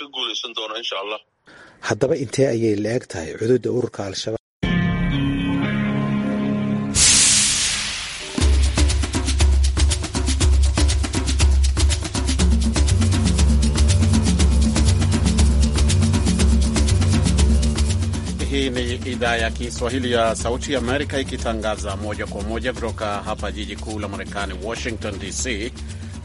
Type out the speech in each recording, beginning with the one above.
ka guuleysan doona insha allah haddaba intee ayay la-eg tahay cududa ururka al-shabaab Hii ni idhaa ya Kiswahili ya Sauti Amerika ikitangaza moja kwa moja kutoka hapa jiji kuu la Marekani, Washington DC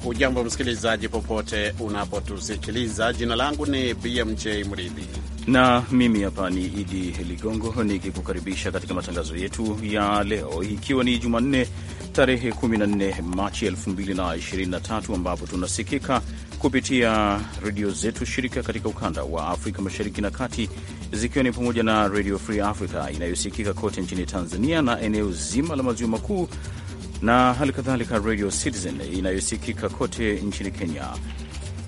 ujambo msikilizaji, popote unapotusikiliza. Jina langu ni BMJ Mridhi na mimi hapa ni Idi Ligongo nikikukaribisha katika matangazo yetu ya leo, ikiwa ni Jumanne tarehe 14 Machi 2023 ambapo tunasikika kupitia redio zetu shirika katika ukanda wa Afrika Mashariki na Kati, zikiwa ni pamoja na Radio Free Africa inayosikika kote nchini Tanzania na eneo zima la maziwa makuu na hali kadhalika Radio Citizen inayosikika kote nchini Kenya.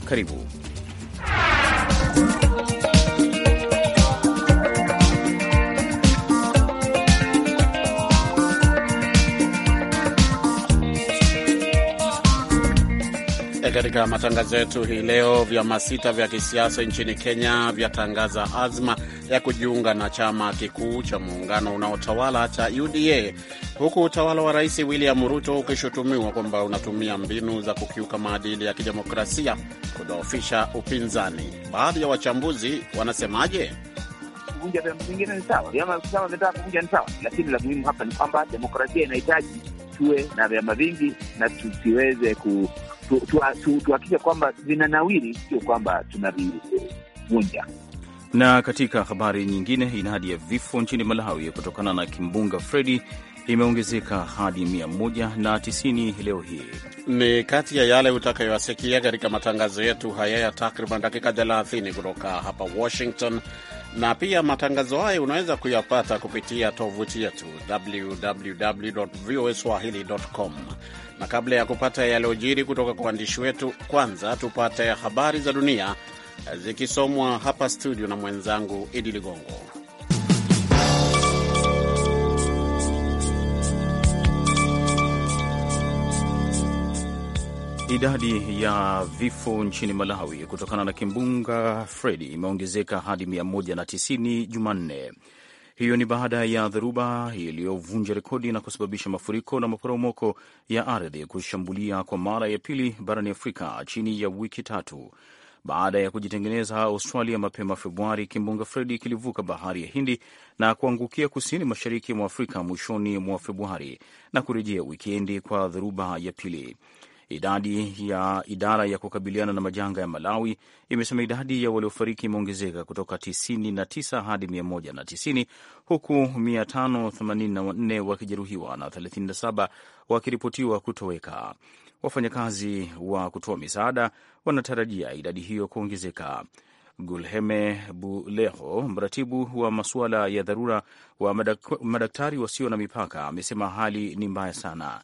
Karibu e, katika matangazo yetu hii leo. Vyama sita vya kisiasa nchini Kenya vyatangaza azma ya kujiunga na chama kikuu cha muungano unaotawala cha UDA, huku utawala wa Rais William Ruto ukishutumiwa kwamba unatumia mbinu za kukiuka maadili ya kidemokrasia kudhoofisha upinzani. Baadhi ya wachambuzi wanasemaje? Kuvunja vyama vingine ni sawa, vyama vinataka kuvunja ni sawa, lakini la muhimu hapa ni kwamba demokrasia inahitaji tuwe na vyama vingi na tusiweze ku tu, tu, tu, kwamba vinanawiri, sio kwamba tunavivunja. Na katika habari nyingine, idadi ya vifo nchini Malawi kutokana na kimbunga Fredi imeongezeka hadi 190 leo hii. Ni kati ya yale utakayoasikia katika matangazo yetu haya ya takriban dakika 30 kutoka hapa Washington, na pia matangazo hayo unaweza kuyapata kupitia tovuti yetu www voa Na kabla ya kupata yaliyojiri kutoka kwa waandishi wetu, kwanza tupate habari za dunia zikisomwa hapa studio na mwenzangu Idi Ligongo. Idadi ya vifo nchini Malawi kutokana na kimbunga Fredi imeongezeka hadi 190 Jumanne. Hiyo ni baada ya dhoruba iliyovunja rekodi na kusababisha mafuriko na maporomoko ya ardhi kushambulia kwa mara ya pili barani Afrika chini ya wiki tatu. Baada ya kujitengeneza Australia mapema Februari, kimbunga Fredi kilivuka bahari ya Hindi na kuangukia kusini mashariki mwa Afrika mwishoni mwa Februari na kurejea wikendi kwa dhoruba ya pili. Idadi ya idara ya kukabiliana na majanga ya Malawi imesema idadi ya waliofariki imeongezeka kutoka 99 hadi 190 huku 584 wakijeruhiwa na 37 wakiripotiwa kutoweka. Wafanyakazi wa kutoa misaada wanatarajia idadi hiyo kuongezeka. Gulheme Buleho, mratibu wa masuala ya dharura wa Madaktari Wasio na Mipaka, amesema hali ni mbaya sana.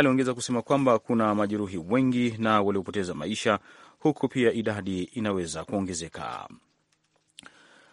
Aliongeza kusema kwamba kuna majeruhi wengi na waliopoteza maisha, huku pia idadi inaweza kuongezeka.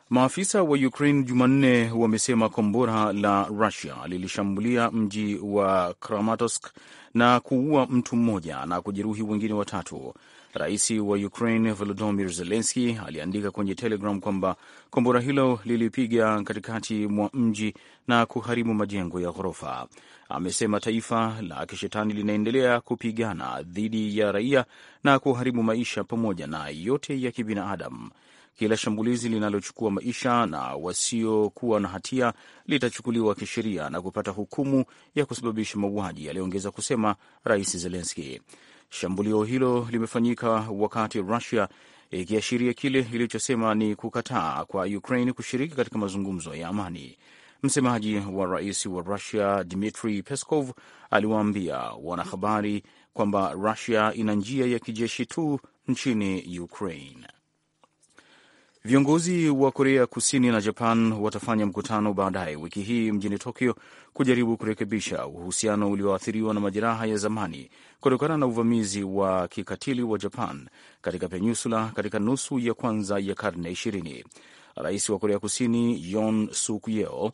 Maafisa wa Ukraine Jumanne wamesema kombora la Rusia lilishambulia mji wa Kramatorsk na kuua mtu mmoja na kujeruhi wengine watatu. Rais wa Ukraine Volodymyr Zelensky aliandika kwenye Telegram kwamba kombora hilo lilipiga katikati mwa mji na kuharibu majengo ya ghorofa. Amesema taifa la kishetani linaendelea kupigana dhidi ya raia na kuharibu maisha pamoja na yote ya kibinadamu. Kila shambulizi linalochukua maisha na wasiokuwa na hatia litachukuliwa kisheria na kupata hukumu ya kusababisha mauaji, aliongeza kusema Rais Zelenski. Shambulio hilo limefanyika wakati Rusia ikiashiria kile ilichosema ni kukataa kwa Ukraine kushiriki katika mazungumzo ya amani. Msemaji wa rais wa Rusia Dmitri Peskov aliwaambia wanahabari kwamba Rusia ina njia ya kijeshi tu nchini Ukraine. Viongozi wa Korea Kusini na Japan watafanya mkutano baadaye wiki hii mjini Tokyo kujaribu kurekebisha uhusiano ulioathiriwa na majeraha ya zamani kutokana na uvamizi wa kikatili wa Japan katika peninsula katika nusu ya kwanza ya karne 20. Rais wa Korea Kusini Yoon Suk Yeol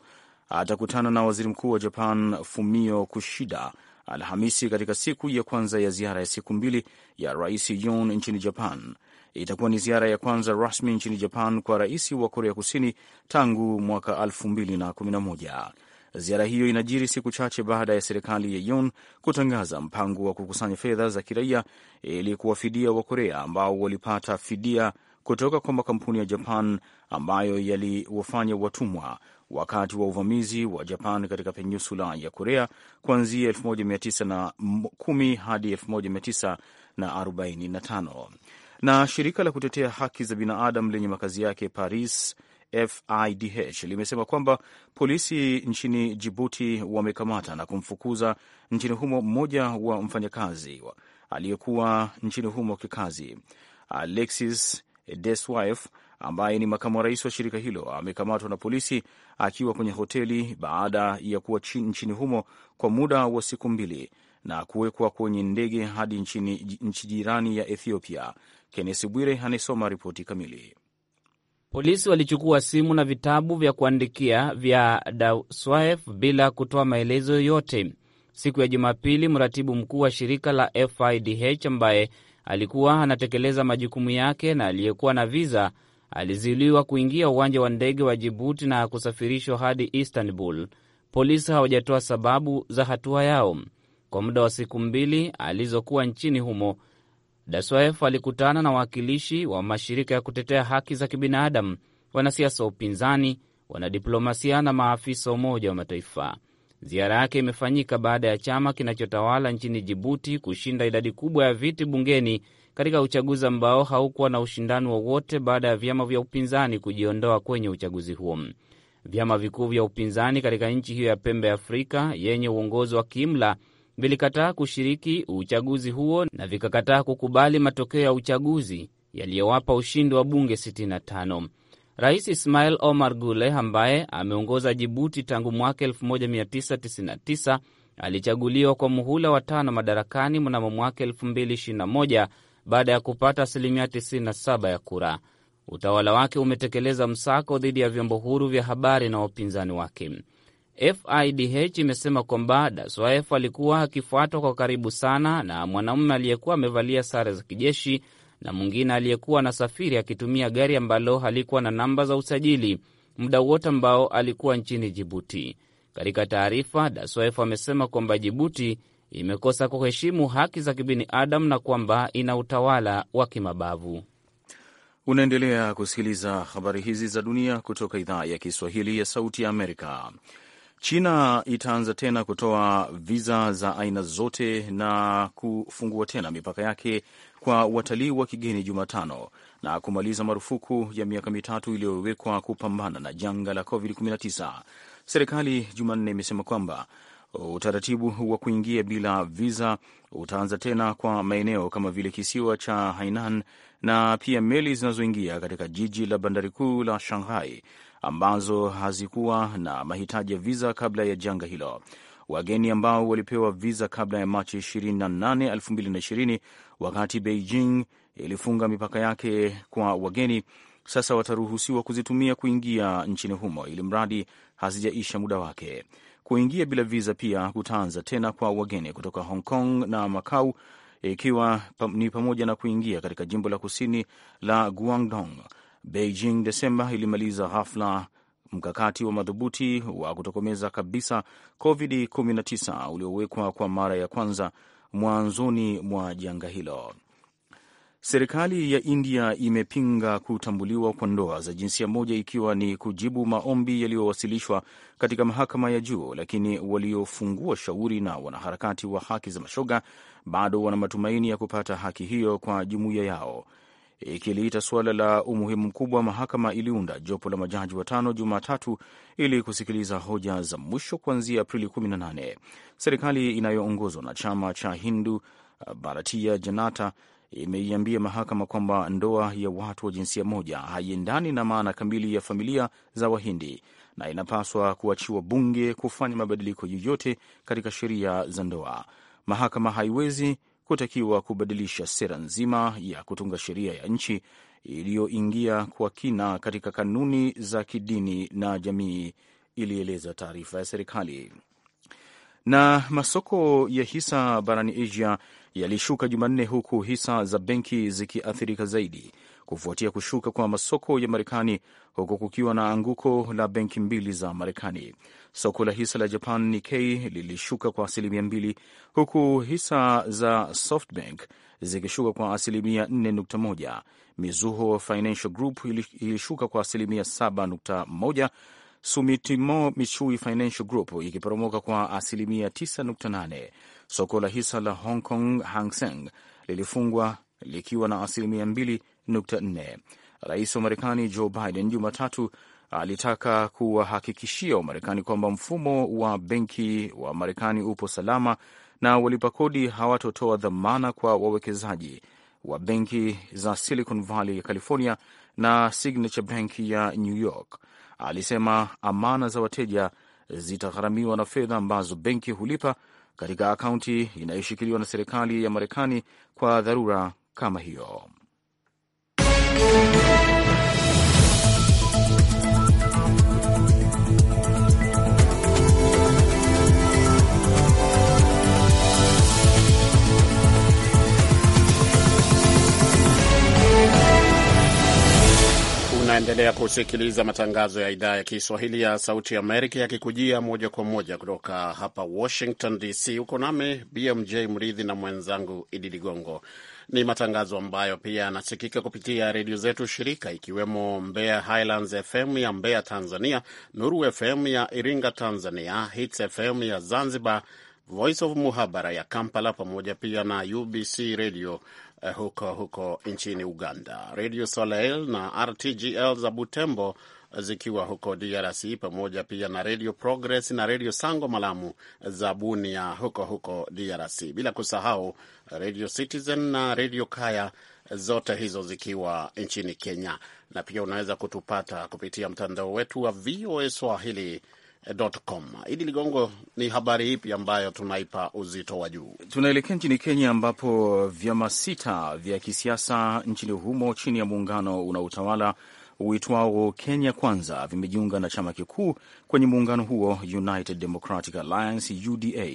atakutana na waziri mkuu wa Japan Fumio Kishida Alhamisi katika siku ya kwanza ya ziara ya siku mbili ya Rais Yoon nchini Japan itakuwa ni ziara ya kwanza rasmi nchini Japan kwa rais wa Korea Kusini tangu mwaka 2011. Ziara hiyo inajiri siku chache baada ya serikali ya Yoon kutangaza mpango wa kukusanya fedha za kiraia ili kuwafidia wa korea ambao walipata fidia kutoka kwa makampuni ya Japan ambayo yaliwafanya watumwa wakati wa uvamizi wa Japan katika peninsula ya Korea kuanzia 1910 hadi 1945. Na shirika la kutetea haki za binadamu lenye makazi yake Paris FIDH limesema kwamba polisi nchini Jibuti wamekamata na kumfukuza nchini humo mmoja wa mfanyakazi aliyekuwa nchini humo kikazi. Alexis Deswif ambaye ni makamu wa rais wa shirika hilo amekamatwa na polisi akiwa kwenye hoteli baada ya kuwa nchini humo kwa muda wa siku mbili na kuwekwa kwenye ndege hadi nchi jirani ya Ethiopia. Kennesi Bwire anayesoma ripoti kamili. Polisi walichukua simu na vitabu vya kuandikia vya Daswaef bila kutoa maelezo yoyote. Siku ya Jumapili, mratibu mkuu wa shirika la FIDH ambaye alikuwa anatekeleza majukumu yake na aliyekuwa na viza alizuiliwa kuingia uwanja wa ndege wa Jibuti na kusafirishwa hadi Istanbul. Polisi hawajatoa sababu za hatua yao. Kwa muda wa siku mbili alizokuwa nchini humo, Daswaef alikutana na wawakilishi wa mashirika ya kutetea haki za kibinadamu, wanasiasa wa upinzani, wanadiplomasia na maafisa wa Umoja wa Mataifa. Ziara yake imefanyika baada ya chama kinachotawala nchini Jibuti kushinda idadi kubwa ya viti bungeni katika uchaguzi ambao haukuwa na ushindani wowote baada ya vyama vya upinzani kujiondoa kwenye uchaguzi huo. Vyama vikuu vya upinzani katika nchi hiyo ya pembe ya Afrika yenye uongozi wa kiimla vilikataa kushiriki uchaguzi huo na vikakataa kukubali matokeo ya uchaguzi yaliyowapa ushindi wa bunge 65. Rais Ismail Omar Gule ambaye ameongoza Jibuti tangu mwaka 1999 alichaguliwa kwa muhula wa tano madarakani mnamo mwaka 2021 baada ya kupata asilimia 97 ya kura. Utawala wake umetekeleza msako dhidi ya vyombo huru vya habari na wapinzani wake. FIDH imesema kwamba Daswaef alikuwa akifuatwa kwa karibu sana na mwanamume aliyekuwa amevalia sare za kijeshi na mwingine aliyekuwa anasafiri akitumia gari ambalo halikuwa na namba za usajili muda wote ambao alikuwa nchini Jibuti. Katika taarifa, Daswaef amesema kwamba Jibuti imekosa kuheshimu haki za kibinadamu na kwamba ina utawala wa kimabavu. Unaendelea kusikiliza habari hizi za dunia kutoka idhaa ya Kiswahili ya Sauti ya Amerika. China itaanza tena kutoa viza za aina zote na kufungua tena mipaka yake kwa watalii wa kigeni Jumatano na kumaliza marufuku ya miaka mitatu iliyowekwa kupambana na janga la COVID-19. Serikali Jumanne imesema kwamba utaratibu wa kuingia bila viza utaanza tena kwa maeneo kama vile kisiwa cha Hainan na pia meli zinazoingia katika jiji la bandari kuu la Shanghai ambazo hazikuwa na mahitaji ya viza kabla ya janga hilo. Wageni ambao walipewa viza kabla ya Machi 28, 2020 wakati Beijing ilifunga mipaka yake kwa wageni, sasa wataruhusiwa kuzitumia kuingia nchini humo ili mradi hazijaisha muda wake. Kuingia bila viza pia kutaanza tena kwa wageni kutoka Hong Kong na Macau, ikiwa ni pamoja na kuingia katika jimbo la kusini la Guangdong Beijing Desemba ilimaliza ghafla mkakati wa madhubuti wa kutokomeza kabisa COVID-19 uliowekwa kwa mara ya kwanza mwanzoni mwa janga hilo. Serikali ya India imepinga kutambuliwa kwa ndoa za jinsia moja ikiwa ni kujibu maombi yaliyowasilishwa katika mahakama ya juu, lakini waliofungua shauri na wanaharakati wa haki za mashoga bado wana matumaini ya kupata haki hiyo kwa jumuiya yao ikiliita suala la umuhimu mkubwa, mahakama iliunda jopo la majaji watano Jumatatu ili kusikiliza hoja za mwisho kuanzia Aprili 18. Serikali inayoongozwa na chama cha Hindu uh, Bharatiya Janata imeiambia mahakama kwamba ndoa ya watu wa jinsia moja haiendani na maana kamili ya familia za Wahindi na inapaswa kuachiwa bunge kufanya mabadiliko yoyote katika sheria za ndoa. Mahakama haiwezi kutakiwa kubadilisha sera nzima ya kutunga sheria ya nchi iliyoingia kwa kina katika kanuni za kidini na jamii, ilieleza taarifa ya serikali. Na masoko ya hisa barani Asia yalishuka Jumanne, huku hisa za benki zikiathirika zaidi kufuatia kushuka kwa masoko ya Marekani, huku kukiwa na anguko la benki mbili za Marekani. Soko la hisa la Japan Nikkei lilishuka kwa asilimia mbili, huku hisa za SoftBank zikishuka kwa asilimia 4.1. Mizuho Financial Group ilishuka kwa asilimia 7.1, Sumitomo Mitsui Financial Group ikiporomoka kwa asilimia 9.8. Soko la hisa la Hong Kong Hang Seng lilifungwa likiwa na asilimia mbili 4. Rais wa Marekani Joe Biden Jumatatu alitaka kuwahakikishia Wamarekani kwamba mfumo wa benki wa Marekani upo salama na walipa kodi hawatotoa dhamana kwa wawekezaji wa benki za Silicon Valley ya California na Signature Bank ya New York. Alisema amana za wateja zitagharamiwa na fedha ambazo benki hulipa katika akaunti inayoshikiliwa na serikali ya Marekani kwa dharura kama hiyo. Unaendelea kusikiliza matangazo ya idhaa ya Kiswahili ya Sauti Amerika yakikujia moja kwa moja kutoka hapa Washington DC. Uko nami BMJ Mridhi na mwenzangu Idi Ligongo. Ni matangazo ambayo pia yanasikika kupitia redio zetu shirika, ikiwemo Mbeya Highlands FM ya Mbeya Tanzania, Nuru FM ya Iringa Tanzania, Hits FM ya Zanzibar, Voice of Muhabara ya Kampala, pamoja pia na UBC redio eh, huko huko nchini Uganda, redio Soleil na RTGL za Butembo eh, zikiwa huko DRC pamoja pia na Radio Progress na Radio Sango Malamu za Bunia huko huko DRC, bila kusahau Radio Citizen na Radio Kaya, zote hizo zikiwa nchini Kenya, na pia unaweza kutupata kupitia mtandao wetu wa VOA Swahili Com. Idi Ligongo, ni habari ipi ambayo tunaipa uzito wa juu? Tunaelekea nchini Kenya ambapo vyama sita vya kisiasa nchini humo chini ya muungano unaotawala uitwao Kenya Kwanza vimejiunga na chama kikuu kwenye muungano huo United Democratic Alliance, UDA.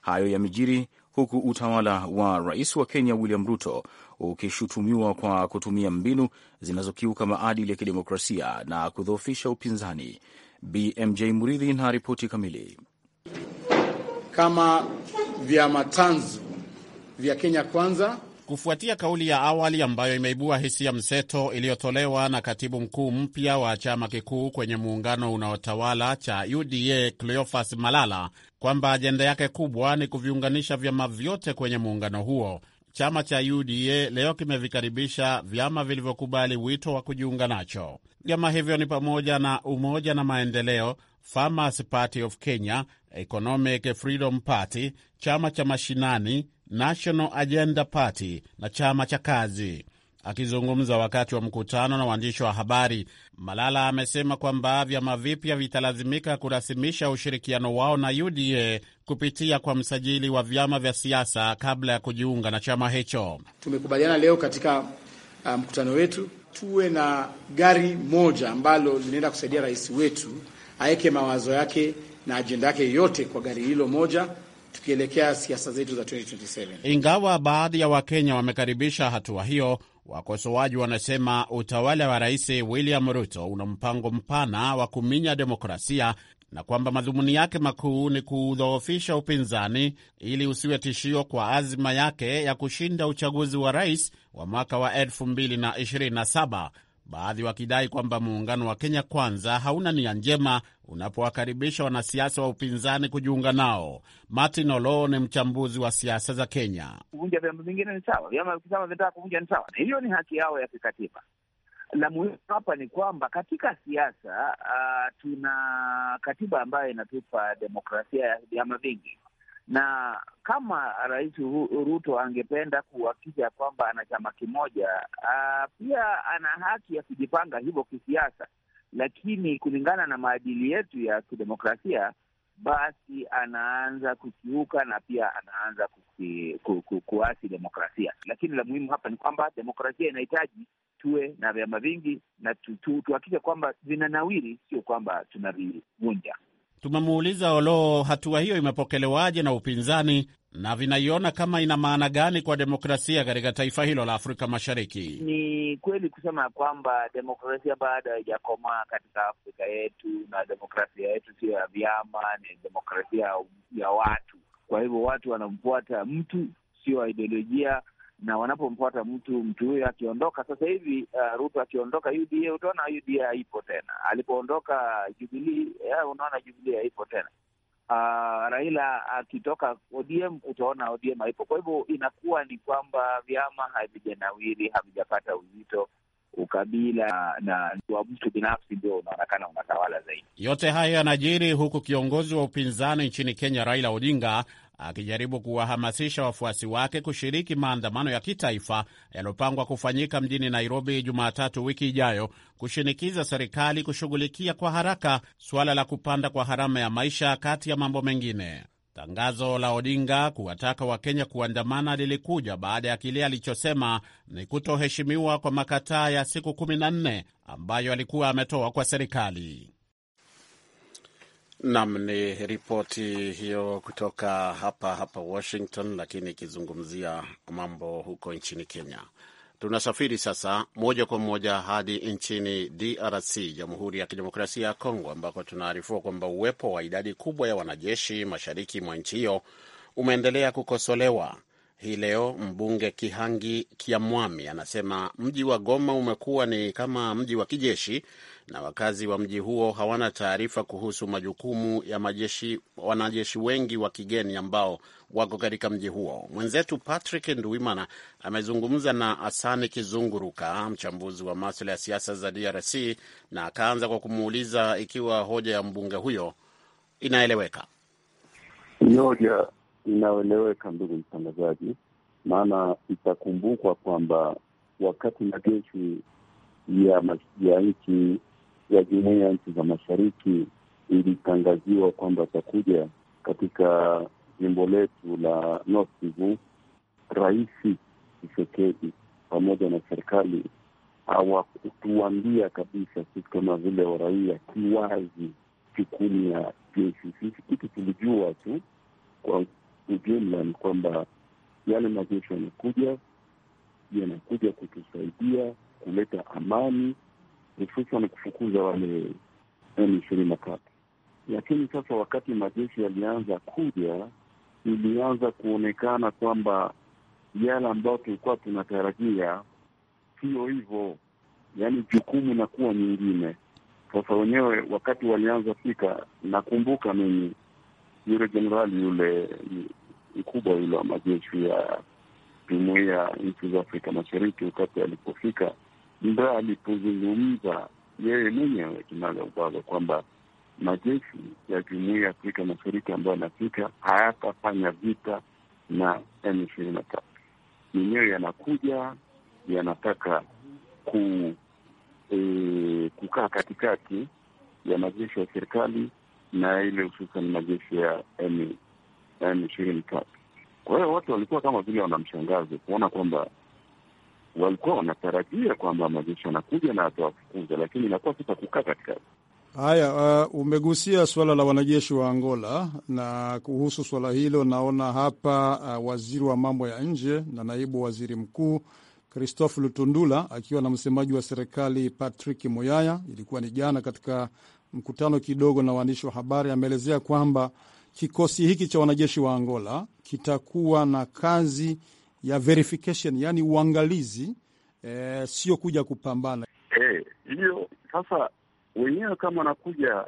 Hayo yamejiri huku utawala wa rais wa Kenya William Ruto ukishutumiwa kwa kutumia mbinu zinazokiuka maadili ya kidemokrasia na kudhoofisha upinzani. BMJ Muridhi na ripoti kamili. Kama vyama tanzu vya Kenya Kwanza kufuatia kauli ya awali ambayo imeibua hisia mseto iliyotolewa na katibu mkuu mpya wa chama kikuu kwenye muungano unaotawala cha UDA Cleophas Malala kwamba ajenda yake kubwa ni kuviunganisha vyama vyote kwenye muungano huo. Chama cha UDA leo kimevikaribisha vyama vilivyokubali wito wa kujiunga nacho. Vyama hivyo ni pamoja na Umoja na Maendeleo, Farmers Party of Kenya, Economic Freedom Party, chama cha mashinani National Agenda Party na chama cha kazi. Akizungumza wakati wa mkutano na waandishi wa habari, Malala amesema kwamba vyama vipya vitalazimika kurasimisha ushirikiano wao na UDA kupitia kwa msajili wa vyama vya siasa kabla ya kujiunga na chama hicho. Tumekubaliana leo katika uh, mkutano um, wetu tuwe na gari moja ambalo linaenda kusaidia rais wetu aweke mawazo yake na ajenda yake yote kwa gari hilo moja tukielekea siasa zetu za 2027. Ingawa baadhi ya Wakenya wamekaribisha hatua hiyo, wakosoaji wanasema utawala wa Rais William Ruto una mpango mpana wa kuminya demokrasia na kwamba madhumuni yake makuu ni kuudhoofisha upinzani ili usiwe tishio kwa azima yake ya kushinda uchaguzi wa rais wa mwaka wa 2027 baadhi wakidai kwamba muungano wa Kenya Kwanza hauna nia njema unapowakaribisha wanasiasa wa upinzani kujiunga nao. Martin Olo ni mchambuzi wa siasa za Kenya. Kuvunja vyama vingine ni sawa, vyama vikisema vinataka kuvunja ni sawa, na hiyo ni haki yao ya kikatiba. La muhimu hapa ni kwamba katika siasa uh, tuna katiba ambayo inatupa demokrasia ya vyama vingi na kama Rais Ruto angependa kuhakikisha kwamba ana chama kimoja, ah, pia ana haki ya kujipanga hivyo kisiasa, lakini kulingana na maadili yetu ya kidemokrasia, basi anaanza kukiuka na pia anaanza kuki, ku, ku, kuasi demokrasia. Lakini la muhimu hapa ni kwamba demokrasia inahitaji tuwe na vyama vingi na tuhakikishe tu, tu, kwamba vinanawiri, sio kwamba tunavivunja. Tumemuuliza Oloo hatua hiyo imepokelewaje na upinzani na vinaiona kama ina maana gani kwa demokrasia katika taifa hilo la Afrika Mashariki. Ni kweli kusema ya kwamba demokrasia bado haijakomaa katika Afrika yetu, na demokrasia yetu sio ya vyama, ni demokrasia ya watu. Kwa hivyo watu wanamfuata mtu, sio ideolojia na wanapomfuata mtu mtu huyo akiondoka, sasa hivi uh, Ruto akiondoka UDA, utaona UDA haipo tena. Alipoondoka Jubilee, eh, unaona Jubilee haipo tena. Uh, Raila akitoka ODM, utaona ODM haipo. Kwa hivyo inakuwa ni kwamba vyama havijanawiri, havijapata uzito ukabila na wa mtu binafsi ndio unaonekana unatawala zaidi. Yote hayo yanajiri huku kiongozi wa upinzani nchini Kenya Raila Odinga akijaribu kuwahamasisha wafuasi wake kushiriki maandamano ya kitaifa yaliyopangwa kufanyika mjini Nairobi Jumatatu wiki ijayo kushinikiza serikali kushughulikia kwa haraka suala la kupanda kwa gharama ya maisha kati ya mambo mengine. Tangazo la Odinga kuwataka Wakenya kuandamana lilikuja baada ya kile alichosema ni kutoheshimiwa kwa makataa ya siku 14 ambayo alikuwa ametoa kwa serikali. Nam, ni ripoti hiyo kutoka hapa hapa Washington, lakini ikizungumzia mambo huko nchini Kenya. Tunasafiri sasa moja kwa moja hadi nchini DRC, Jamhuri ya Kidemokrasia ya Kongo, ambako tunaarifua kwamba uwepo wa idadi kubwa ya wanajeshi mashariki mwa nchi hiyo umeendelea kukosolewa hii leo mbunge Kihangi Kiamwami anasema mji wa Goma umekuwa ni kama mji wa kijeshi na wakazi wa mji huo hawana taarifa kuhusu majukumu ya majeshi, wanajeshi wengi wa kigeni ambao wako katika mji huo. Mwenzetu Patrick Nduimana amezungumza na Asani Kizunguruka, mchambuzi wa maswala ya siasa za DRC, na akaanza kwa kumuuliza ikiwa hoja ya mbunge huyo inaeleweka. Ni hoja inaoeleweka ndugu mtangazaji, maana itakumbukwa kwamba wakati majeshi ya, ya nchi ya jumuiya ya nchi za mashariki ilitangaziwa kwamba atakuja katika jimbo letu la North Kivu, Rais Tshisekedi pamoja na serikali hawakutuambia kabisa sisi kama vile waraia kiwazi chukuni ya jeshi. Sisi kitu tulijua tu kwa ujumla ni kwamba yale majeshi yanakuja yanakuja kutusaidia kuleta amani, hususan kufukuza wale M ishirini na tatu. Lakini sasa wakati majeshi yalianza kuja, ilianza kuonekana kwamba yale ambayo tulikuwa tunatarajia sio hivyo, yaani jukumu na kuwa nyingine. Sasa wenyewe wakati walianza fika, nakumbuka mimi yule jenerali yule mkubwa ule wa majeshi ya jumuia nchi za Afrika Mashariki wakati alipofika, ndo alipozungumza yeye mwenyewe kinaga ubaga kwamba majeshi ya jumuia ya Afrika Mashariki ambayo yanafika hayatafanya vita na M ishirini na tatu yenyewe, yanakuja yanataka ku e, kukaa katikati ya majeshi ya serikali na ile hususan majeshi ya M yani ishirini tatu. Kwa hiyo watu walikuwa kama vile wanamshangaza kuona kwamba walikuwa wanatarajia kwamba majeshi yanakuja na atawafukuza, lakini inakuwa sasa kukaa katikati. Haya, uh, umegusia suala la wanajeshi wa Angola, na kuhusu suala hilo naona hapa uh, waziri wa mambo ya nje na naibu waziri mkuu Christophe Lutundula akiwa na msemaji wa serikali Patrick moyaya ilikuwa ni jana katika mkutano kidogo na waandishi wa habari, ameelezea kwamba Kikosi hiki cha wanajeshi wa Angola kitakuwa na kazi ya verification, yaani uangalizi, e, sio kuja kupambana eh, hiyo. Hey, sasa wenyewe kama wanakuja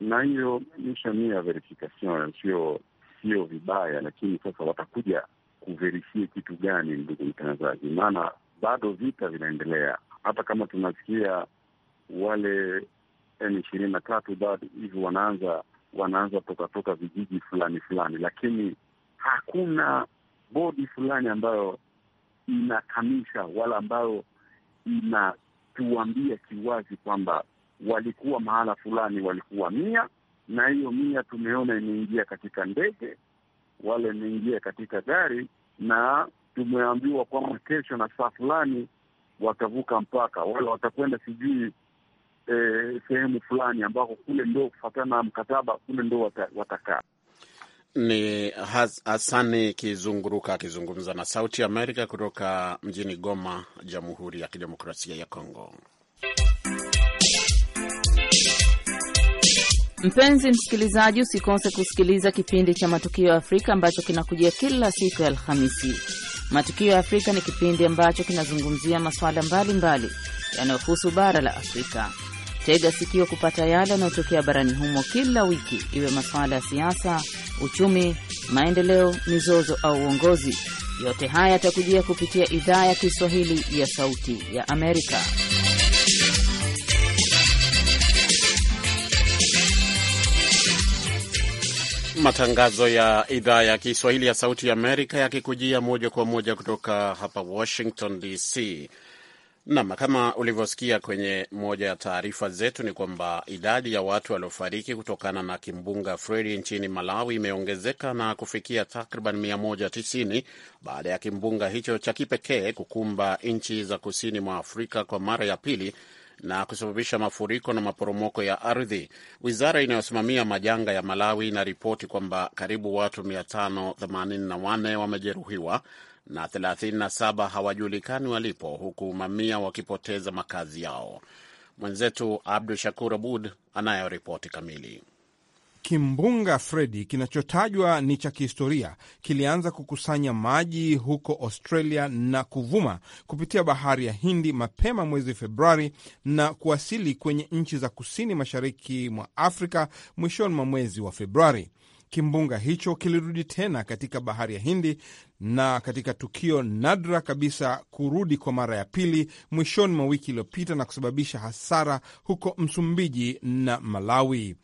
na hiyo mishoni ya verification, sio sio vibaya, lakini sasa watakuja kuverifie kitu gani, ndugu mtangazaji? Maana bado vita vinaendelea, hata kama tunasikia wale M ishirini na tatu bado hivi wanaanza wanaanza tokatoka vijiji fulani fulani, lakini hakuna bodi fulani ambayo inakamisha wala ambayo inatuambia kiwazi kwamba walikuwa mahala fulani, walikuwa mia na hiyo mia tumeona imeingia katika ndege wala imeingia katika gari, na tumeambiwa kwamba kesho na saa fulani watavuka mpaka wala watakwenda sijui eh, sehemu fulani ambako kule ndo kufatana na mkataba kule ndo watakaa. Ni Hasani Kizunguruka akizungumza na Sauti ya Amerika kutoka mjini Goma, Jamhuri ya Kidemokrasia ya Kongo. Mpenzi msikilizaji, usikose kusikiliza kipindi cha Matukio ya Afrika ambacho kinakujia kila siku ya Alhamisi. Matukio ya Afrika ni kipindi ambacho kinazungumzia masuala mbalimbali yanayohusu bara la Afrika. Tega sikio kupata yale yanayotokea barani humo kila wiki, iwe masuala ya siasa, uchumi, maendeleo, mizozo au uongozi. Yote haya yatakujia kupitia idhaa ya Kiswahili ya Sauti ya Amerika. Matangazo ya idhaa ya Kiswahili ya Sauti ya Amerika yakikujia moja kwa moja kutoka hapa Washington DC. Nam, kama ulivyosikia kwenye moja ya taarifa zetu ni kwamba idadi ya watu waliofariki kutokana na kimbunga Fredi nchini Malawi imeongezeka na kufikia takriban 190 baada ya kimbunga hicho cha kipekee kukumba nchi za kusini mwa Afrika kwa mara ya pili na kusababisha mafuriko na maporomoko ya ardhi. Wizara inayosimamia majanga ya Malawi inaripoti kwamba karibu watu 584 wamejeruhiwa na 37 hawajulikani walipo, huku mamia wakipoteza makazi yao. Mwenzetu Abdu Shakur Abud anayo ripoti kamili. Kimbunga Fredi kinachotajwa ni cha kihistoria kilianza kukusanya maji huko Australia na kuvuma kupitia bahari ya Hindi mapema mwezi Februari na kuwasili kwenye nchi za kusini mashariki mwa Afrika mwishoni mwa mwezi wa Februari. Kimbunga hicho kilirudi tena katika bahari ya Hindi na katika tukio nadra kabisa kurudi kwa mara ya pili mwishoni mwa wiki iliyopita na kusababisha hasara huko Msumbiji na Malawi.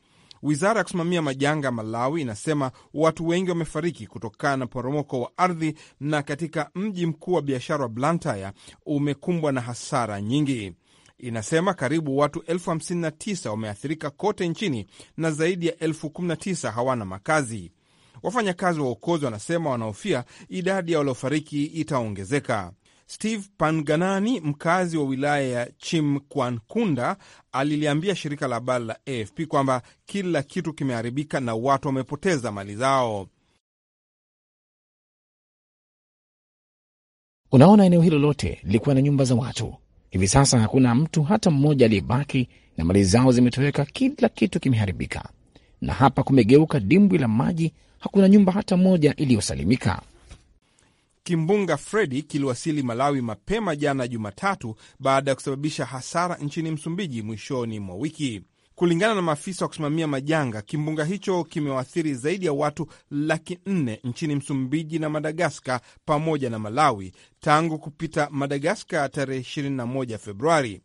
Wizara ya kusimamia majanga ya Malawi inasema watu wengi wamefariki kutokana na poromoko wa ardhi, na katika mji mkuu wa biashara wa Blantyre umekumbwa na hasara nyingi inasema karibu watu elfu 59 wameathirika kote nchini na zaidi ya elfu 19 hawana makazi. Wafanyakazi wa uokozi wanasema wanahofia idadi ya waliofariki itaongezeka. Steve Panganani, mkazi wa wilaya ya Chimkwankunda, aliliambia shirika la habari la AFP kwamba kila kitu kimeharibika na watu wamepoteza mali zao. Unaona, eneo hilo lote lilikuwa na nyumba za watu Hivi sasa hakuna mtu hata mmoja aliyebaki na mali zao zimetoweka, kila kitu kimeharibika, na hapa kumegeuka dimbwi la maji. Hakuna nyumba hata moja iliyosalimika. Kimbunga Fredi kiliwasili Malawi mapema jana Jumatatu baada ya kusababisha hasara nchini Msumbiji mwishoni mwa wiki. Kulingana na maafisa wa kusimamia majanga, kimbunga hicho kimewaathiri zaidi ya watu laki nne nchini Msumbiji na Madagaskar pamoja na Malawi tangu kupita Madagaskar tarehe 21 Februari.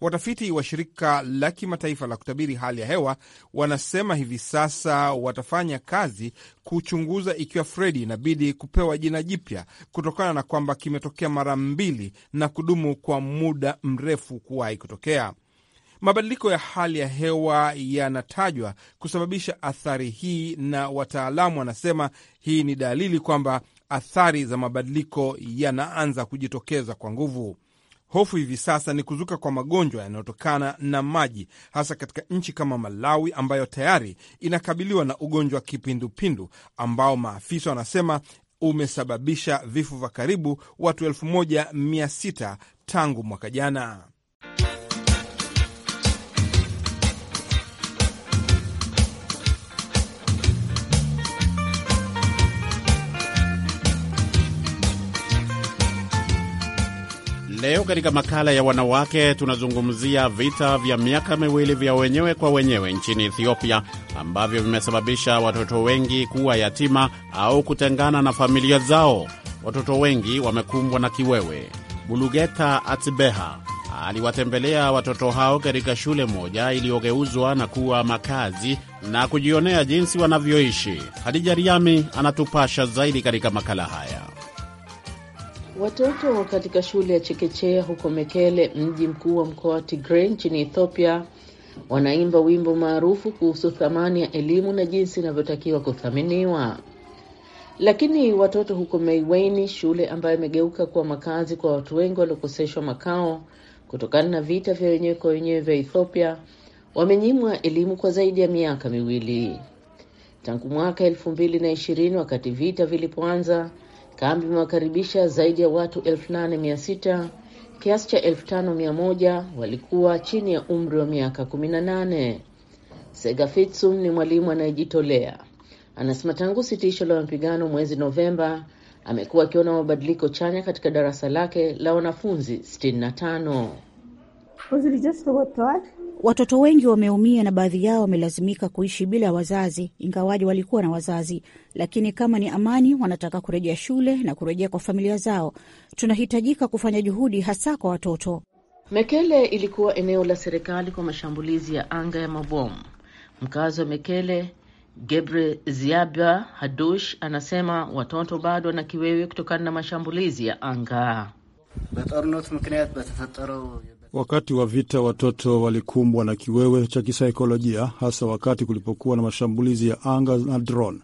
Watafiti wa shirika la kimataifa la kutabiri hali ya hewa wanasema hivi sasa watafanya kazi kuchunguza ikiwa Fredi inabidi kupewa jina jipya kutokana na kwamba kimetokea mara mbili na kudumu kwa muda mrefu kuwahi kutokea. Mabadiliko ya hali ya hewa yanatajwa kusababisha athari hii, na wataalamu wanasema hii ni dalili kwamba athari za mabadiliko yanaanza kujitokeza kwa nguvu. Hofu hivi sasa ni kuzuka kwa magonjwa yanayotokana na maji, hasa katika nchi kama Malawi ambayo tayari inakabiliwa na ugonjwa wa kipindupindu ambao maafisa wanasema umesababisha vifo vya karibu watu 16 tangu mwaka jana. Leo katika makala ya wanawake tunazungumzia vita vya miaka miwili vya wenyewe kwa wenyewe nchini Ethiopia ambavyo vimesababisha watoto wengi kuwa yatima au kutengana na familia zao. Watoto wengi wamekumbwa na kiwewe. Bulugeta Atibeha aliwatembelea watoto hao katika shule moja iliyogeuzwa na kuwa makazi na kujionea jinsi wanavyoishi. Hadija Riami anatupasha zaidi katika makala haya. Watoto katika shule ya chekechea huko Mekele, mji mkuu wa mkoa wa Tigray nchini Ethiopia, wanaimba wimbo maarufu kuhusu thamani ya elimu na jinsi inavyotakiwa kuthaminiwa. Lakini watoto huko Meiweni, shule ambayo imegeuka kuwa makazi kwa watu wengi waliokoseshwa makao kutokana na vita vya wenyewe kwa wenyewe vya Ethiopia, wamenyimwa elimu kwa zaidi ya miaka miwili tangu mwaka elfu mbili na ishirini wakati vita vilipoanza. Kambi imewakaribisha zaidi ya watu 8600 kiasi cha 5100 walikuwa chini ya umri wa miaka 18. Segafitsum ni mwalimu anayejitolea, anasema tangu sitisho la mapigano mwezi Novemba amekuwa akiona mabadiliko chanya katika darasa lake la wanafunzi 65. Watoto wengi wameumia na baadhi yao wamelazimika kuishi bila wazazi, ingawaji walikuwa na wazazi. Lakini kama ni amani, wanataka kurejea shule na kurejea kwa familia zao. Tunahitajika kufanya juhudi, hasa kwa watoto. Mekele ilikuwa eneo la serikali kwa mashambulizi ya anga ya mabomu. Mkazi wa Mekele Gebre Ziaba Hadush anasema watoto bado wana kiwewe kutokana na mashambulizi ya anga. Wakati wa vita watoto walikumbwa na kiwewe cha kisaikolojia, hasa wakati kulipokuwa na mashambulizi ya anga na drone.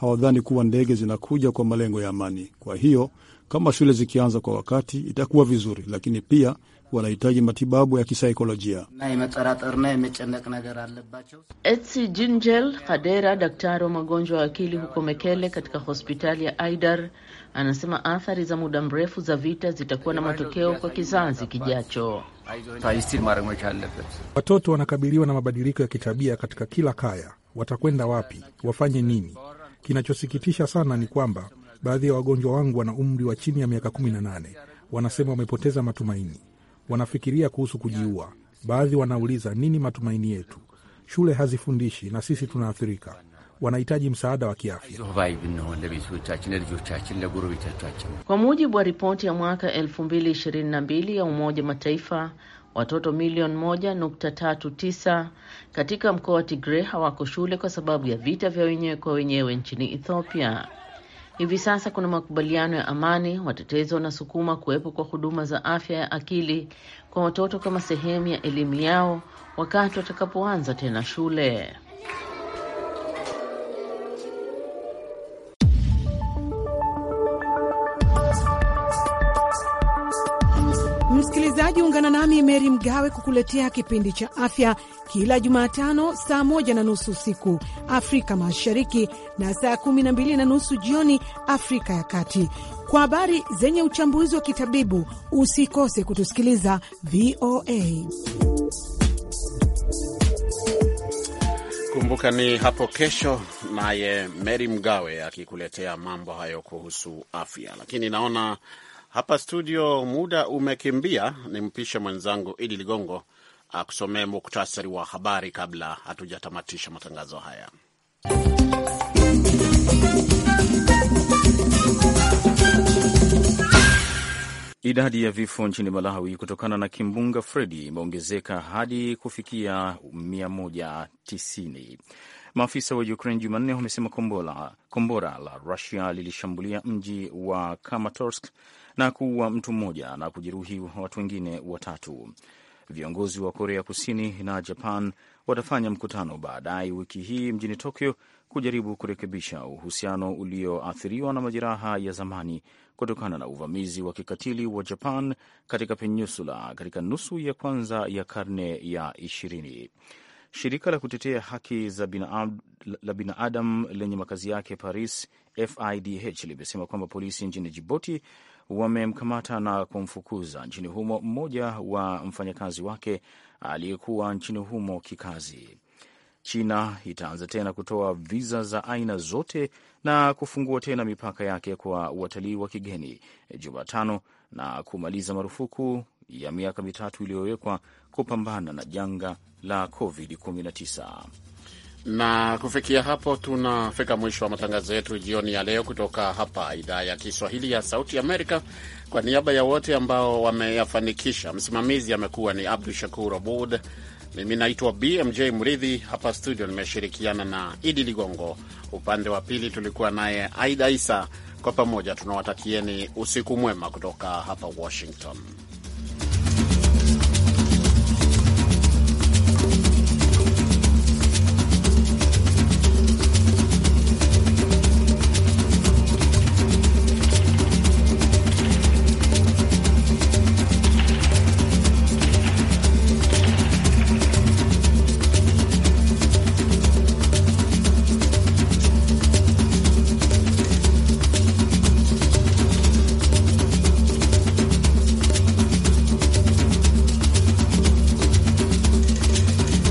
Hawadhani kuwa ndege zinakuja kwa malengo ya amani. Kwa hiyo kama shule zikianza kwa wakati itakuwa vizuri, lakini pia wanahitaji matibabu ya kisaikolojia. Etsi Jinjel Kadera, daktari wa magonjwa ya akili huko Mekele katika hospitali ya Aidar, anasema athari za muda mrefu za vita zitakuwa na matokeo kwa kizazi kijacho mara moja Watoto wanakabiliwa na mabadiliko ya kitabia katika kila kaya. Watakwenda wapi? Wafanye nini? Kinachosikitisha sana ni kwamba baadhi ya wagonjwa wangu wana umri wa chini ya miaka 18. Wanasema wamepoteza matumaini, wanafikiria kuhusu kujiua. Baadhi wanauliza nini matumaini yetu? Shule hazifundishi na sisi tunaathirika wanahitaji msaada wa kiafya. Kwa mujibu wa ripoti ya mwaka 2022 ya Umoja Mataifa, watoto milioni 1.39 katika mkoa wa Tigray hawako shule kwa sababu ya vita vya wenyewe kwa wenyewe nchini Ethiopia. Hivi sasa kuna makubaliano ya amani. Watetezi wanasukuma kuwepo kwa huduma za afya ya akili kwa watoto kama sehemu ya elimu yao wakati watakapoanza tena shule. Msikilizaji, ungana nami Meri Mgawe kukuletea kipindi cha afya kila Jumatano saa moja na nusu usiku Afrika Mashariki na saa kumi na mbili na nusu jioni Afrika ya Kati kwa habari zenye uchambuzi wa kitabibu. Usikose kutusikiliza VOA. Kumbuka ni hapo kesho, naye Meri Mgawe akikuletea mambo hayo kuhusu afya, lakini naona hapa studio muda umekimbia, nimpishe mwenzangu Idi Ligongo akusomee muktasari wa habari kabla hatujatamatisha matangazo haya. Idadi ya vifo nchini Malawi kutokana na kimbunga Fredi imeongezeka hadi kufikia 190. Maafisa wa Ukraine Jumanne wamesema kombora la Rusia lilishambulia mji wa kamatorsk na kuua mtu mmoja na kujeruhi watu wengine watatu. Viongozi wa Korea Kusini na Japan watafanya mkutano baadaye wiki hii mjini Tokyo kujaribu kurekebisha uhusiano ulioathiriwa na majeraha ya zamani kutokana na uvamizi wa kikatili wa Japan katika peninsula katika nusu ya kwanza ya karne ya ishirini. Shirika la kutetea haki za la binadam lenye makazi yake Paris, FIDH, limesema kwamba polisi nchini jiboti wamemkamata na kumfukuza nchini humo mmoja wa mfanyakazi wake aliyekuwa nchini humo kikazi. China itaanza tena kutoa viza za aina zote na kufungua tena mipaka yake kwa watalii wa kigeni Jumatano na kumaliza marufuku ya miaka mitatu iliyowekwa kupambana na janga la COVID-19. Na kufikia hapo tunafika mwisho wa matangazo yetu jioni ya leo kutoka hapa idhaa ya Kiswahili ya Sauti Amerika. Kwa niaba ya wote ambao wameyafanikisha, msimamizi amekuwa ni Abdu Shakur Abud. Mimi naitwa BMJ Mridhi, hapa studio nimeshirikiana na Idi Ligongo, upande wa pili tulikuwa naye Aida Isa. Kwa pamoja tunawatakieni usiku mwema kutoka hapa Washington.